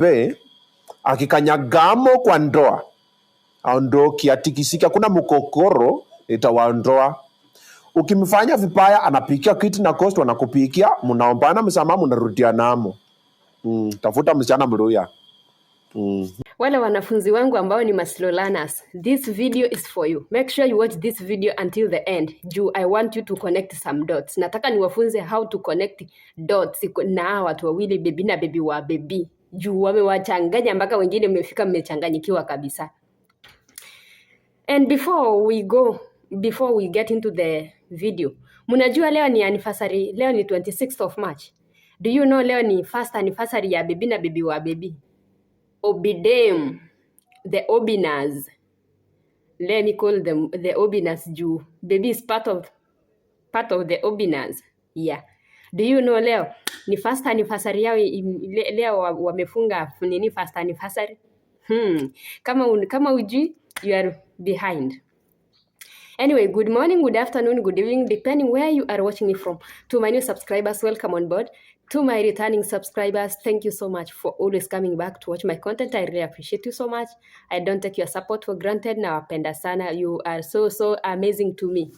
atembee akikanyagamo kwa ndoa, aondoki, atikisiki, hakuna mkokoro itawaondoa. Ukimfanya vibaya, anapikia kiti na kosti, wanakupikia, mnaombana msamaha, mnarudia namo. Mm, tafuta msichana mluya. Mm. Wale wanafunzi wangu ambao ni maslow learners, this video is for you. Make sure you watch this video until the end. Juu I want you to connect some dots. Nataka niwafunze how to connect dots na watu wawili bebi na bebi wa bebi juu wamewachanganya mpaka wengine mmefika mmechanganyikiwa kabisa and before we go before we get into the video mnajua leo ni anniversary leo ni 26th of march do you know leo ni first anniversary ya bibi na bibi wa bibi obidem the obinas let me call them the obinas juu baby is part of part of the obinas yeah Do you know leo ni first anniversary yao leo wamefunga nini first anniversary? Hmm. Kama un, kama ujui you are behind. Anyway, good morning, good afternoon, good evening, depending where you are watching me from. To my new subscribers, welcome on board. To my returning subscribers, thank you so much for always coming back to watch my content. I really appreciate you so much. I don't take your support for granted. Nawapenda sana. You are so so amazing to me.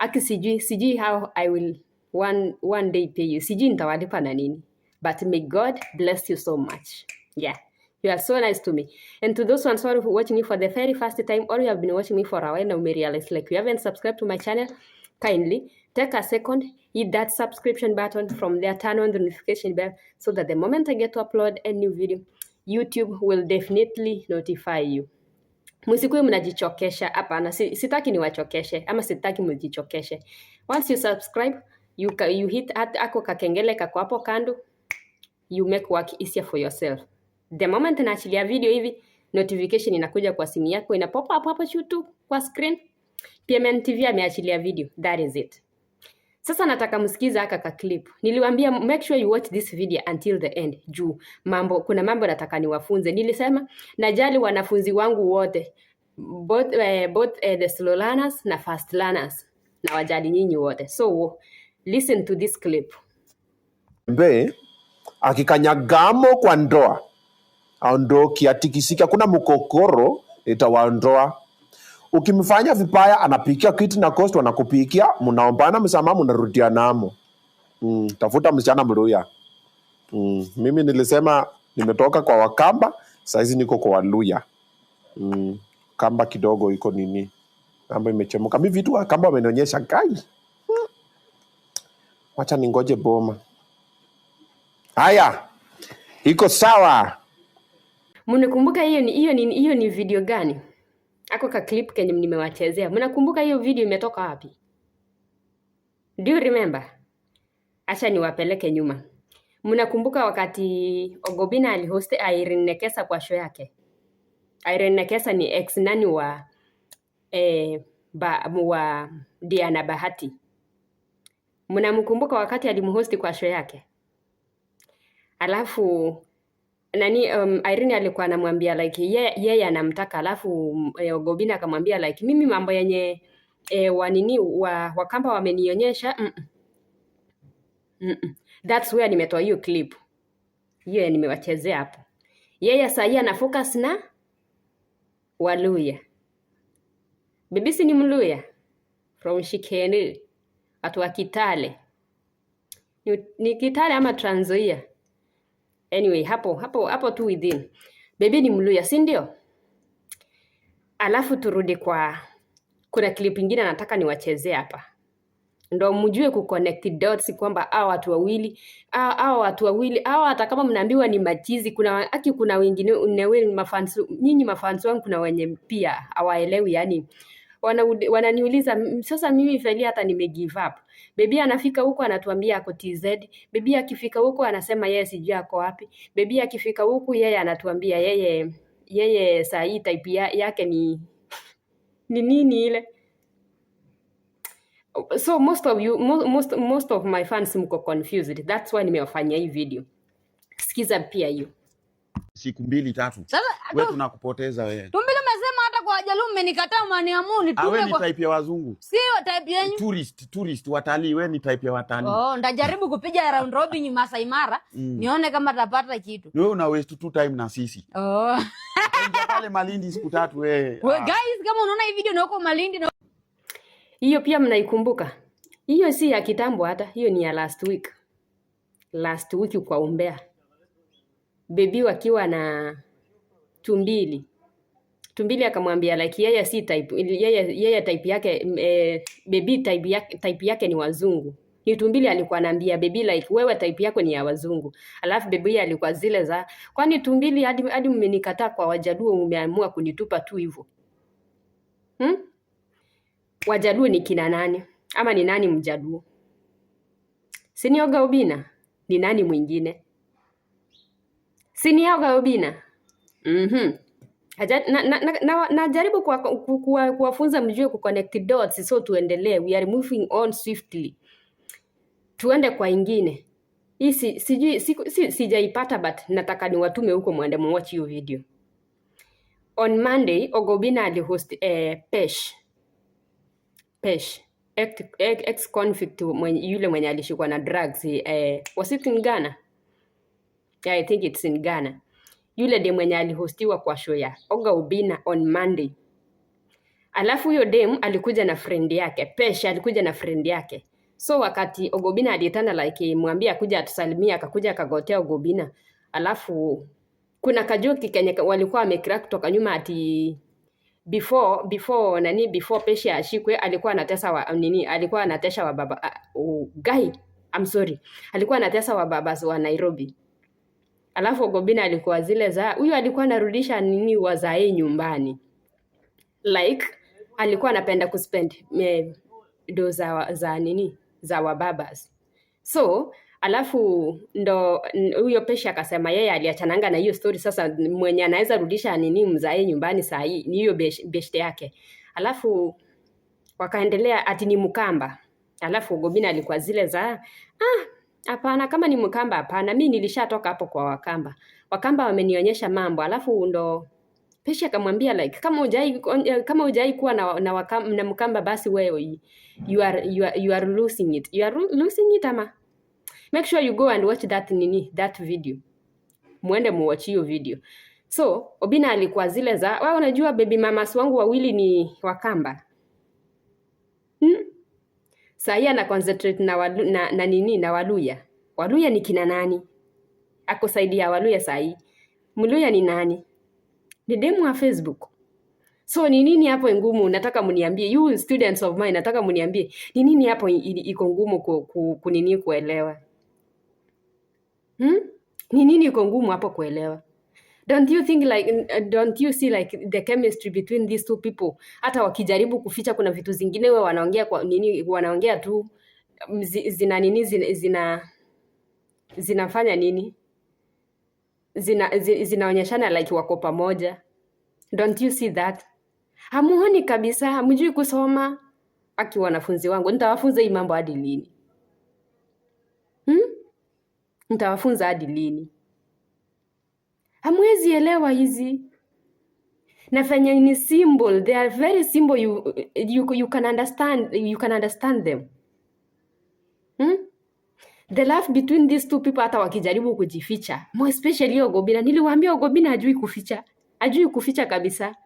Aki sijui, sijui how I will one one day pay you sijui nitawalipa na nini but may god bless you so much yeah you are so nice to me and to those ones who are watching me for the very first time or you have been watching me for a while now may realize like you haven't subscribed to my channel kindly take a second hit that subscription button from there turn on the notification bell so that the moment i get to upload a new video youtube will definitely notify you msikuwe mnajichokesha hapana sitaki niwachokeshe ama sitaki mjichokeshe once you subscribe you, ka, you hit at, ako kakengele kako hapo kando, you make work easier for yourself. The moment naachilia video hivi, notification inakuja kwa simu yako, ina pop up hapo tu kwa screen. PMN TV ameachilia video, that is it. Sasa nataka msikiza haka ka clip. Niliwaambia make sure you watch this video until the end. Juu mambo kuna mambo nataka niwafunze. Nilisema najali wanafunzi wangu wote. Both, eh, both eh, the slow learners na fast learners. Na wajali nyinyi wote. So Listen to this clip. Mbe akikanyagamo kwa ndoa aondoki, atikisiki, hakuna mkokoro itawaondoa. Ukimfanya vibaya, anapikia kiti na kosti, wanakupikia, mnaombana msamaha, mnarudia namo. Mm, tafuta msichana mruya. Mm, mimi nilisema nimetoka kwa Wakamba, saizi niko kwa Waluya. Mm, Kamba kidogo iko nini, Kamba imechemuka. Mi vitu Wakamba wamenionyesha kai wacha ningoje boma. Haya, iko sawa. Mnakumbuka hiyo ni hiyo ni hiyo ni video gani? Ako ka clip kenye nimewachezea. Mnakumbuka hiyo video imetoka wapi? Do you remember? Acha niwapeleke nyuma. Mnakumbuka wakati Ogobina alihost Irene Nekesa kwa show yake? Irene Nekesa ni ex nani wa eh, ba, wa Diana Bahati mnamkumbuka wakati alimhosti kwa show yake. Alafu nani um, Irene alikuwa anamwambia like yeye yeye anamtaka, alafu mm, eh, Gobina akamwambia like mimi mambo yenye eh, wanini wa Wakamba wamenionyesha mm -mm. Mm -mm. That's where nimetoa hiyo clip hiyo nimewachezea hapo. Yeye saa hii ana focus na Waluya. Bibisi ni Mluya from Shikeni watu wa Kitale ni, ni Kitale ama Trans Nzoia. Anyway, hapo hapo hapo tu within. bebi ni Mluya, si ndio? Alafu turudi kwa kuna clip nyingine nataka niwachezee hapa ndo mjue connect dots kwamba hao watu wawili hao watu wawili hao, hata kama mnaambiwa ni machizi, kuna aki, kuna wengine, nyinyi mafansi wangu, kuna wenye pia hawaelewi yani wananiuliza wana sasa mimi Velia hata nime give up. Bebi anafika huko anatuambia ako TZ. Bebi akifika huko anasema yeye sijui ako wapi. Bebi akifika huko yeye anatuambia yeye yeye saa hii type ya, yake ni ni nini ile so most of you most, most of my fans mko confused that's why nimewafanyia hii video sikiza pia hiyo siku mbili tatu wewe tunakupoteza wewe Jalum mmenikataa maniamu ni tume kwa type ya wazungu. Sio type yenu. Tourist, tourist watalii, wewe ni type ya watalii. Oh, ndajaribu kupiga round robin Masai Mara, mm. nione kama tapata kitu. Wewe una waste two time na sisi. Oh. Pale Malindi siku tatu wewe. We, ah. guys kama unaona hii video na uko Malindi na hiyo pia mnaikumbuka. Hiyo si ya kitambo hata, hiyo ni ya last week. Last week kwa umbea. Bebi wakiwa na tumbili Tumbili akamwambia like yeye si type yeye yeye type yake e, baby type yake, type yake ni wazungu. Ni Tumbili alikuwa anaambia baby like wewe type yako ni ya wazungu. Alafu baby alikuwa zile za kwani Tumbili hadi hadi mmenikataa kwa Wajaluo umeamua kunitupa tu hivyo. Hmm? Wajaluo ni kina nani? Ama ni nani Mjaluo? Sinioga ubina ni nani mwingine? Sinioga ubina Mhm. Mm najaribu na, na, na kuwafunza kuwa, kuwa mjue connect dots, so tuendelee, we are moving on swiftly, tuende kwa ingine hii. Si, sijui sijaipata si, si, but nataka niwatume huko mwende muwatch hiyo video. On Monday Ogobina host eh, pesh pesh ex convict yule mwenye alishikwa na drugs eh, was it in Ghana? Yeah, I think it's in Ghana yule dem mwenye alihostiwa kwa show ya Oga Ubina on Monday. Alafu hiyo dem alikuja na friend yake Pesha, alikuja na friend yake. So wakati Ogobina alitanda like mwambia akuja atusalimia, akakuja akagotea Ogobina. Alafu kuna kajoki kenye walikuwa wamecrack kutoka nyuma ati before before nani before Pesha ashikwe alikuwa anatesa wa nini, alikuwa anatesha wa baba uh, uh, guy I'm sorry, alikuwa anatesa wa baba wa Nairobi Alafu Ogobina alikuwa zile za huyu alikuwa anarudisha nini wazae nyumbani. Like alikuwa anapenda kuspend do za, za nini za wababas. So alafu ndo huyo Pesha akasema yeye aliachananga na hiyo story. Sasa mwenye anaweza rudisha nini mzae nyumbani saa hii ni hiyo beshte yake. Alafu wakaendelea ati ni Mkamba. Alafu Ogobina alikuwa zile za ah, Hapana, kama ni Mkamba hapana, mi nilishatoka hapo kwa Wakamba. Wakamba wamenionyesha mambo, alafu ndo Pesha akamwambia like kama hujai kama hujai kuwa na na, wakam, na Mkamba basi wewe you are, you are, you are losing it. You are losing it ama. Make sure you go and watch that nini that video. Muende muwatch hiyo video. So Obina alikuwa zile za wewe, unajua baby mamas wangu wawili ni Wakamba. Sahia na concentrate na, walu, na, na nini na Waluya. Waluya ni kina nani? Ako saidi ya Waluya sahii. Mluya ni nani? Ni demu wa Facebook. So ni nini hapo ngumu? Nataka mniambie, you students of mine, nataka mniambie ni nini hapo iko ngumu ku, ku, kunini kuelewa? Hmm? Ni nini iko ngumu hapo kuelewa? don't you think like uh, don't you see like the chemistry between these two people hata wakijaribu kuficha kuna vitu zingine we wanaongea kwa nini wanaongea tu mm, zina nini zina, zina zinafanya nini zina, zinaonyeshana like wako pamoja don't you see that hamuoni kabisa hamjui kusoma aki wanafunzi wangu nitawafunza hii mambo hadi lini hmm? nitawafunza hadi lini Hamwezi elewa hizi nafanya ni symbol they are very simple, you, you, you can understand, you can understand them hmm? The love between these two people, hata wakijaribu kujificha, more especially Ogobina. Niliwaambia Ogobina ajui kuficha, ajui kuficha kabisa.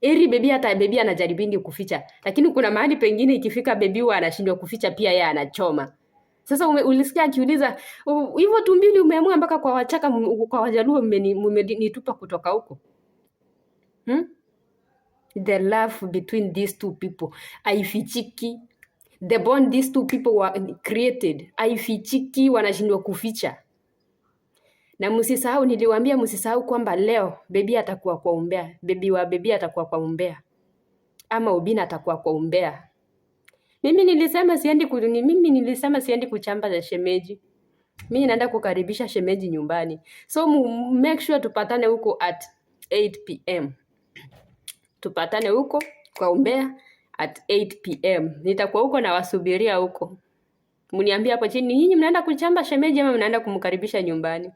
Eri bebi hata bebi anajaribingi kuficha, lakini kuna mahali pengine ikifika bebi huwa anashindwa kuficha pia, yeye anachoma. Sasa ulisikia akiuliza hivyo tumbili umeamua mpaka kwa Wachaka kwa Wajaluo mmenitupa kutoka huko hmm? The love between these two people aifichiki, The bond these two people were created aifichiki, wanashindwa kuficha. Na msisahau, niliwaambia msisahau kwamba leo bebi atakuwa kwa umbea, bebi wa bebi atakuwa kwa umbea, ama ubina atakuwa kwa umbea. Mimi nilisema siendi ku, ni mimi nilisema siendi kuchamba za shemeji. Mimi naenda kukaribisha shemeji nyumbani. So make sure tupatane huko at 8 pm. Tupatane huko kwa umbea at 8 pm. Nitakuwa huko na wasubiria huko. Mniambie hapo chini nyinyi mnaenda kuchamba shemeji ama mnaenda kumkaribisha nyumbani.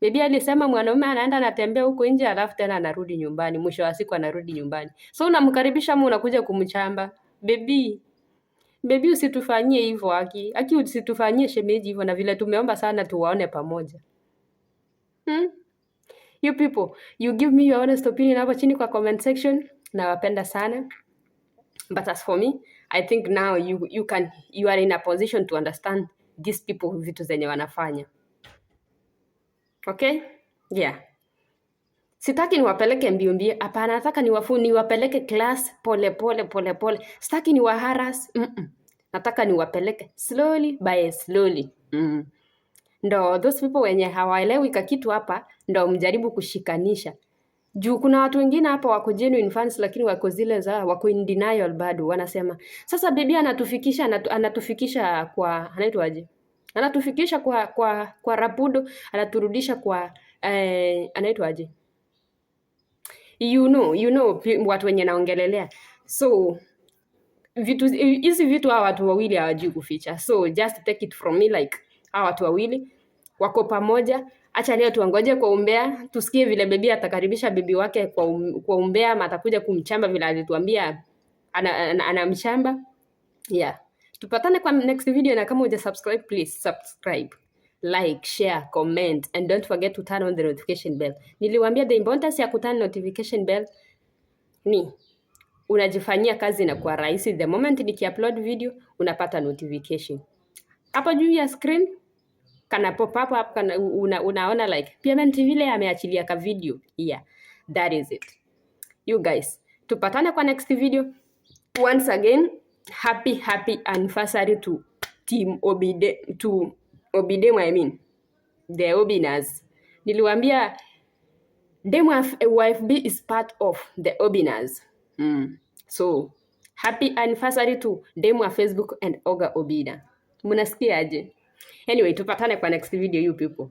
Bibi alisema mwanaume anaenda anatembea huko nje alafu tena anarudi nyumbani. Mwisho wa siku anarudi nyumbani. So unamkaribisha ama unakuja kumchamba? Bibi Baby, usitufanyie hivyo Aki. Aki, usitufanyie shemeji hivyo na vile tumeomba sana tuwaone pamoja. Hmm? You people, you give me your honest opinion hapo chini kwa comment section. Nawapenda sana. But as for me, I think now you, you, can, you are in a position to understand these people vitu zenye wanafanya. Okay? Yeah. Sitaki niwapeleke mbio mbio, hapana. Nataka niwafu niwapeleke class pole pole pole pole, sitaki ni waharas mm -mm. Nataka niwapeleke slowly by slowly mm. Ndo those people wenye hawaelewi kitu hapa, ndo mjaribu kushikanisha juu kuna watu wengine hapa wako genuine fans lakini wako zile za wako in denial bado, wanasema sasa bibi anatufikisha anatu, anatufikisha kwa anaitwaje, anatufikisha kwa kwa kwa Rapudo, anaturudisha kwa eh, anaitwaje you know, you know watu wenye naongelelea so vitu hizi vitu hawa watu wawili hawajui kuficha so just take it from me like hawa watu wawili wako pamoja acha leo tuangoje kwa umbea tusikie vile bebi atakaribisha bebi wake kwa, um, kwa umbea ama atakuja kumchamba vile alituambia anamchamba ana, ana yeah tupatane kwa next video na kama uja subscribe please subscribe like, share, comment and don't forget to turn on the notification bell. Niliwaambia the importance ya kuturn notification bell ni unajifanyia kazi na inakuwa rahisi. The moment nikiupload video unapata notification hapo juu ya screen kana pop up hapo kana una, unaona like payment vile ameachilia ka video yeah, that is it you guys, tupatane kwa next video. Once again happy happy anniversary to team Obide to Obi demo I mean. The Obinas. Niliwaambia wife be is part of the Obinas. Mm. So happy anniversary to demo Facebook and Oga obida Mnasikiaje? Anyway, tupatane kwa next video you people.